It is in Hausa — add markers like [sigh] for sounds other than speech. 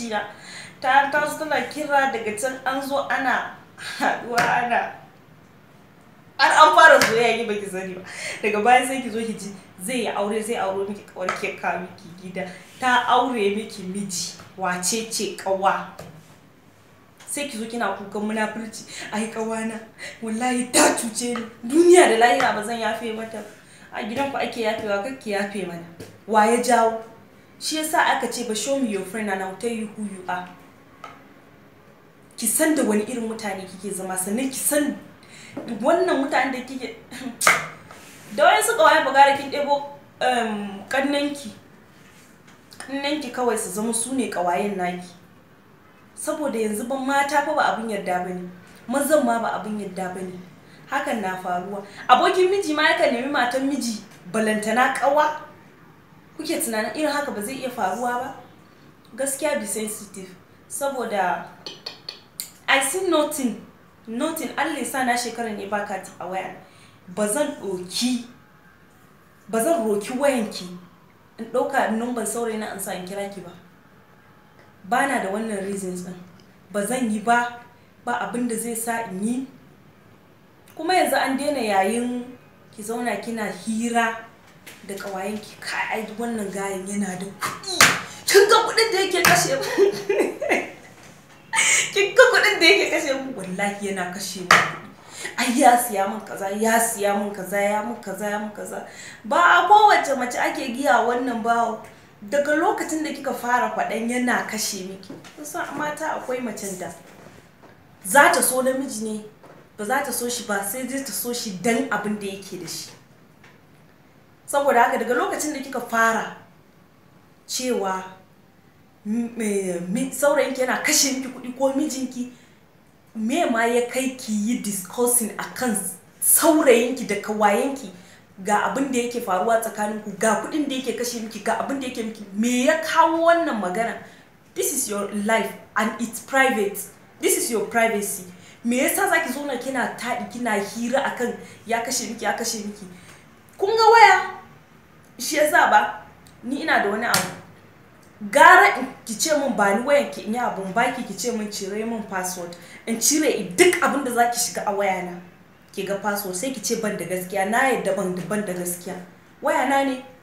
jina ta taso tana kira daga can an zo ana haduwa ana an an fara soyayya ki baki sani ba daga baya sai ki zo ki ji zai yi aure zai auro miki kawar ke ka miki gida ta aure miki miji wace ce kawa sai ki zo kina kukan munafurci ai kawana wallahi ta cuce ni duniya da lahira ba zan yafe mata a gidan ku ake yafewa kakki yafe mana wa ya jawo shi yasa aka ce ba show me your friend and I'll tell you who you are ki san da wani irin mutane kike zama sannan ki san wannan mutane da kike [laughs] da wani suka waye bugara kin ɗebo kannanki um, kannanki kawai su zama su ne kawayen naki saboda yanzu ban mata fa ba abin yarda bane mazan ma ba abin yarda bane hakan na faruwa abokin miji ma yakan nemi matan miji balantana kawa kuke tunanin irin haka ba zai iya faruwa ba gaskiya be sensitive saboda i see nothing nothing allah sa na shekarar ne ka a waya ba zan roki wayanki in ɗauka numban saurayi na ansa in kira ki ba ba na da wannan reasons ɗin ba zan yi ba ba abin da zai sa in yi kuma yanzu an daina yayin ki zauna kina hira da kawayen ki kai wannan gayin yana da kuɗi kin ga kuɗin da yake kashe mu [laughs] kin ga kuɗin da yake kashe mu wallahi yana kashe mu ai ya siya min kaza ya siya min kaza ya min kaza ya min kaza ba a kowace mace ake giya wannan bawo daga lokacin da kika fara kwaɗan yana kashe miki kusan mata akwai macen da za ta so namiji ne ba za ta so shi ba sai dai ta so shi dan abin da yake da shi saboda haka daga lokacin da kika fara cewa saurayinki yana kashe miki kuɗi ko mijinki me ma ya kai ki yi discussing akan saurayinki da kawayenki ga abin da yake faruwa tsakaninku ga kuɗin da yake kashe miki ga abin da yake miki me ya kawo wannan magana this is your life and it's private this is your privacy me yasa zaki zo na kina taɗi kina hira akan ya kashe miki ya kashe miki kun ga waya shi yasa ba ni ina da wani abu gara ki ce min ba ni wayan ki in yi abun baki ki ce min cire min password in cire duk abin da zaki shiga a wayana ki ga password sai ki ce ban da gaskiya na yadda ban da ban da gaskiya wayana ne